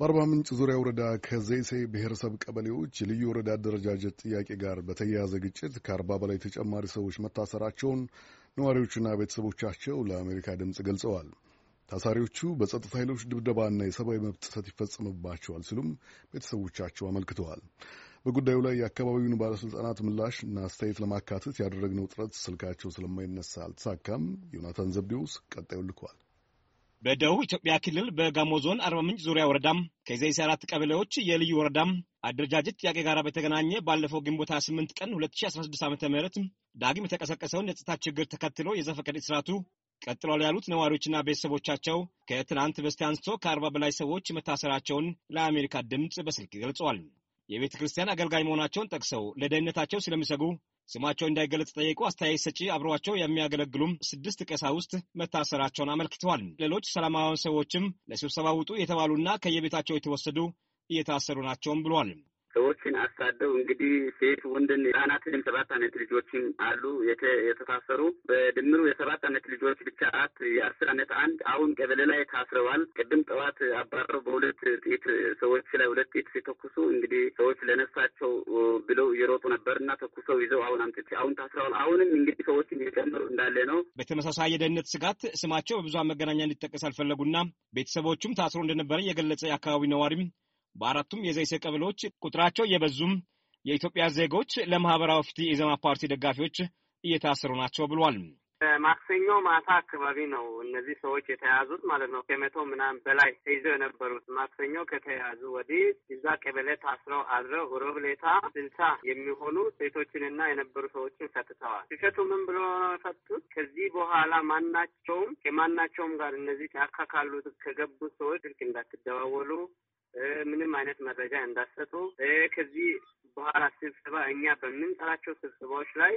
በአርባ ምንጭ ዙሪያ ወረዳ ከዘይሴ ብሔረሰብ ቀበሌዎች የልዩ ወረዳ አደረጃጀት ጥያቄ ጋር በተያያዘ ግጭት ከአርባ በላይ ተጨማሪ ሰዎች መታሰራቸውን ነዋሪዎቹና ቤተሰቦቻቸው ለአሜሪካ ድምፅ ገልጸዋል። ታሳሪዎቹ በጸጥታ ኃይሎች ድብደባና የሰብአዊ መብት ጥሰት ይፈጸምባቸዋል ሲሉም ቤተሰቦቻቸው አመልክተዋል። በጉዳዩ ላይ የአካባቢውን ባለሥልጣናት እና አስተያየት ለማካተት ያደረግነው ጥረት ስልካቸው ስለማይነሳ አልተሳካም። ዮናታን ዘብዴውስ ቀጣዩ ልኳል። በደቡብ ኢትዮጵያ ክልል በጋሞ ዞን አርባ ምንጭ ዙሪያ ወረዳም ከዘይሴ አራት ቀበሌዎች የልዩ ወረዳም አደረጃጀት ጥያቄ ጋር በተገናኘ ባለፈው ግንቦት 28 ቀን 2016 ዓ ም ዳግም የተቀሰቀሰውን የጸጥታ ችግር ተከትሎ የዘፈቀደ እስራቱ ቀጥሏል ያሉት ነዋሪዎችና ቤተሰቦቻቸው ከትናንት በስቲያ አንስቶ ከአርባ በላይ ሰዎች መታሰራቸውን ለአሜሪካ ድምፅ በስልክ ገልጸዋል። የቤተ ክርስቲያን አገልጋይ መሆናቸውን ጠቅሰው ለደህንነታቸው ስለሚሰጉ ስማቸው እንዳይገለጽ ጠየቁ አስተያየት ሰጪ አብረዋቸው የሚያገለግሉም ስድስት ቀሳውስት መታሰራቸውን አመልክተዋል። ሌሎች ሰላማዊያን ሰዎችም ለስብሰባ ውጡ የተባሉና ከየቤታቸው የተወሰዱ እየታሰሩ ናቸውም ብሏል። ሰዎችን አሳደው እንግዲህ ሴት ወንድን ህጻናትን ሰባት አመት ልጆችም አሉ የተታሰሩ በድምሩ የሰባት አመት ልጆች ብቻ አት የአስር አመት አንድ አሁን ቀበሌ ላይ ታስረዋል። ቅድም ጠዋት አባረው በሁለት ጥይት ሰዎች ላይ ሁለት ጥይት ሲተኩሱ እንግዲህ ሰዎች ለነፍሳቸው ብለው እየሮጡ ነበር እና ተኩሰው ይዘው አሁን አምጥቼ አሁን ታስረዋል። አሁንም እንግዲህ ሰዎችን እየጨመሩ እንዳለ ነው። በተመሳሳይ የደህንነት ስጋት ስማቸው በብዙሃን መገናኛ እንዲጠቀስ አልፈለጉና ቤተሰቦቹም ታስሮ እንደነበረ የገለጸ የአካባቢ ነዋሪም በአራቱም የዘይሴ ቀበሌዎች ቁጥራቸው የበዙም የኢትዮጵያ ዜጎች ለማህበራዊ ፍትህ የዘማ ፓርቲ ደጋፊዎች እየታሰሩ ናቸው ብሏል። ማክሰኞ ማታ አካባቢ ነው እነዚህ ሰዎች የተያዙት ማለት ነው። ከመቶ ምናምን በላይ ተይዘው የነበሩት ማክሰኞ ከተያዙ ወዲህ እዛ ቀበሌ ታስረው አድረው ሮብሌታ ስልሳ የሚሆኑ ሴቶችንና የነበሩ ሰዎችን ፈትተዋል። ሲፈቱ ምን ብሎ ፈቱት? ከዚህ በኋላ ማናቸውም ከማናቸውም ጋር እነዚህ ጫካ ካሉት ከገቡት ሰዎች ስልክ እንዳትደዋወሉ፣ አይነት መረጃ እንዳሰጡ ከዚህ በኋላ ስብሰባ እኛ በምንጠራቸው ስብሰባዎች ላይ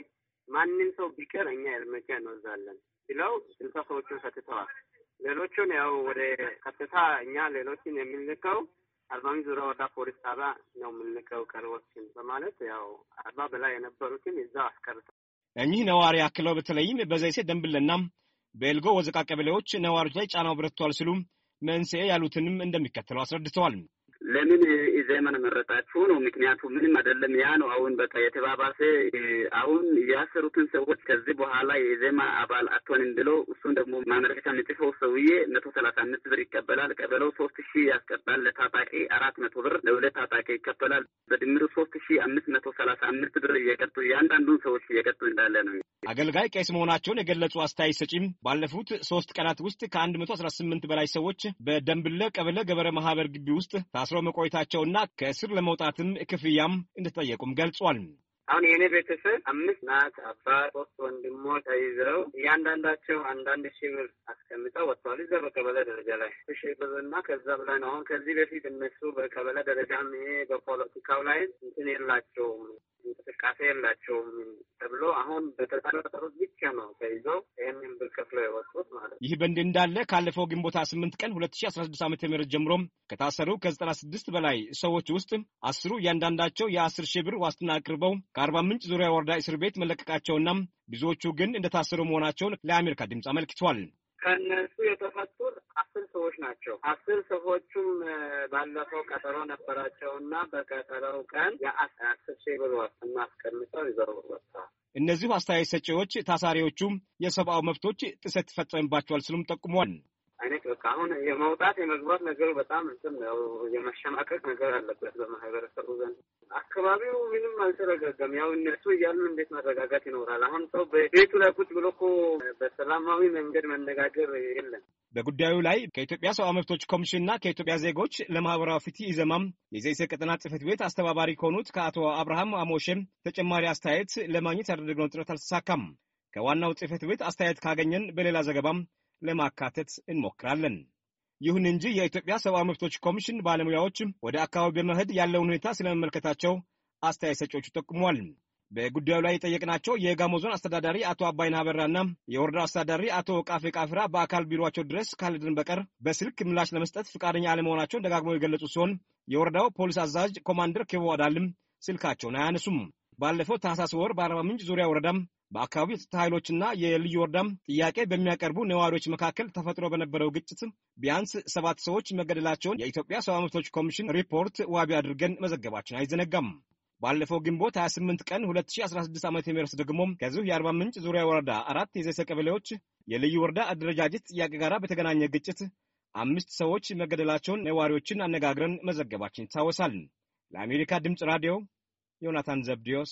ማንም ሰው ቢቀር እኛ እርምጃ እንወዛለን ብለው ስልሳ ሰዎችን ፈትተዋል። ሌሎቹን ያው ወደ ቀጥታ እኛ ሌሎችን የምንልከው አርባ ምንጭ ዙሪያ ወረዳ ፖሊስ ጣቢያ ነው የምንልከው ቀሪዎችን በማለት ያው አርባ በላይ የነበሩትን እዛው አስቀርተው እኚህ ነዋሪ አክለው በተለይም በዘይሴ ደንብለና በኤልጎ ወዘቃ ቀበሌዎች ነዋሪዎች ላይ ጫናው በረቷል ሲሉ መንስኤ ያሉትንም እንደሚከተለው አስረድተዋል። ለምን ኢዜማን መረጣችሁ ነው ምክንያቱ? ምንም አይደለም። ያ ነው አሁን በቃ የተባባሰ አሁን ያሰሩትን ሰዎች ከዚህ በኋላ የኢዜማ አባል አትሆንም ብሎ እሱን ደግሞ ማመልከቻ የሚጽፈው ሰውዬ መቶ ሰላሳ አምስት ብር ይቀበላል። ቀበለው ሶስት ሺህ ያስቀባል። ለታጣቂ አራት መቶ ብር ለሁለት ታጣቂ ይከፈላል። በድምር ሶስት ሺህ አምስት መቶ ሰላሳ አምስት ብር እየቀጡ እያንዳንዱን ሰዎች እየቀጡ እንዳለ ነው። አገልጋይ ቄስ መሆናቸውን የገለጹ አስተያየት ሰጪም ባለፉት ሶስት ቀናት ውስጥ ከ118 በላይ ሰዎች በደንብለ ቀበለ ገበረ ማህበር ግቢ ውስጥ ታስረው መቆየታቸውና ከእስር ለመውጣትም ክፍያም እንደተጠየቁም ገልጿል። አሁን የእኔ ቤተሰብ አምስት ናት። አባት፣ ሶስት ወንድሞች ተይዘው እያንዳንዳቸው አንዳንድ ሺ ብር አስቀምጠው ወጥተዋል። እዛ በቀበለ ደረጃ ላይ ሺህ ብር እና ከዛ በላይ ነው። አሁን ከዚህ በፊት እነሱ በቀበለ ደረጃም ይሄ በፖለቲካው ላይ እንትን የላቸውም እንቅስቃሴ የላቸውም ተብሎ አሁን በተጠረጠሩት ብቻ ነው ተይዘው ይህንን ብር ከፍለው የወጡት ማለት ነው። ይህ በእንዲህ እንዳለ ካለፈው ግንቦት ስምንት ቀን ሁለት ሺ አስራ ስድስት ዓመተ ምህረት ጀምሮ ከታሰሩ ከዘጠና ስድስት በላይ ሰዎች ውስጥ አስሩ እያንዳንዳቸው የአስር ሺህ ብር ዋስትና አቅርበው ከአርባ ምንጭ ዙሪያ ወረዳ እስር ቤት መለቀቃቸውና ብዙዎቹ ግን እንደታሰሩ መሆናቸውን ለአሜሪካ ድምፅ አመልክቷል። ከእነሱ የተፈቱት አስር ሰዎች ናቸው። አስር ሰዎቹም ባለፈው ቀጠሮ ነበራቸውና በቀጠሮው ቀን የአስር ሺህ ብር ዋስትና አስቀምጠው ይዘው ወጥተዋል። እነዚሁ አስተያየት ሰጪዎች ታሳሪዎቹም የሰብአዊ መብቶች ጥሰት ይፈጸምባቸዋል ስሉም ጠቁሟል። አይነት በቃ አሁን የመውጣት የመግባት ነገሩ በጣም ነው፣ የመሸማቀቅ ነገር አለበት በማህበረሰቡ ዘንድ አካባቢው ምንም አልተረጋጋም። ያው እነሱ እያሉ እንዴት መረጋጋት ይኖራል? አሁን ሰው በቤቱ ላይ ቁጭ ብሎ እኮ በሰላማዊ መንገድ መነጋገር የለም። በጉዳዩ ላይ ከኢትዮጵያ ሰብአዊ መብቶች ኮሚሽንና ከኢትዮጵያ ዜጎች ለማህበራዊ ፍትህ ኢዘማም የዘይሴ ቀጠና ጽህፈት ቤት አስተባባሪ ከሆኑት ከአቶ አብርሃም አሞሼም ተጨማሪ አስተያየት ለማግኘት ያደረግነው ጥረት አልተሳካም። ከዋናው ጽህፈት ቤት አስተያየት ካገኘን በሌላ ዘገባም ለማካተት እንሞክራለን። ይሁን እንጂ የኢትዮጵያ ሰብአዊ መብቶች ኮሚሽን ባለሙያዎች ወደ አካባቢ በመሄድ ያለውን ሁኔታ ስለመመልከታቸው አስተያየት ሰጪዎቹ ጠቁመዋል። በጉዳዩ ላይ የጠየቅናቸው የጋሞ ዞን አስተዳዳሪ አቶ አባይን ሀበራና የወረዳ አስተዳዳሪ አቶ ቃፌ ቃፍራ በአካል ቢሮቸው ድረስ ካልድን በቀር በስልክ ምላሽ ለመስጠት ፈቃደኛ አለመሆናቸውን ደጋግመው የገለጹ ሲሆን የወረዳው ፖሊስ አዛዥ ኮማንደር ኬቦ አዳልም ስልካቸውን አያነሱም። ባለፈው ታህሳስ ወር በአርባ ምንጭ ዙሪያ ወረዳም በአካባቢው የጸጥታ ኃይሎችና የልዩ ወረዳም ጥያቄ በሚያቀርቡ ነዋሪዎች መካከል ተፈጥሮ በነበረው ግጭት ቢያንስ ሰባት ሰዎች መገደላቸውን የኢትዮጵያ ሰብዓዊ መብቶች ኮሚሽን ሪፖርት ዋቢ አድርገን መዘገባችን አይዘነጋም። ባለፈው ግንቦት 28 ቀን 2016 ዓ ም ደግሞ ከዚሁ የአርባ ምንጭ ዙሪያ ወረዳ አራት የዘሰ ቀበሌዎች የልዩ ወረዳ አደረጃጀት ጥያቄ ጋር በተገናኘ ግጭት አምስት ሰዎች መገደላቸውን ነዋሪዎችን አነጋግረን መዘገባችን ይታወሳል። ለአሜሪካ ድምፅ ራዲዮ ዮናታን ዘብዲዮስ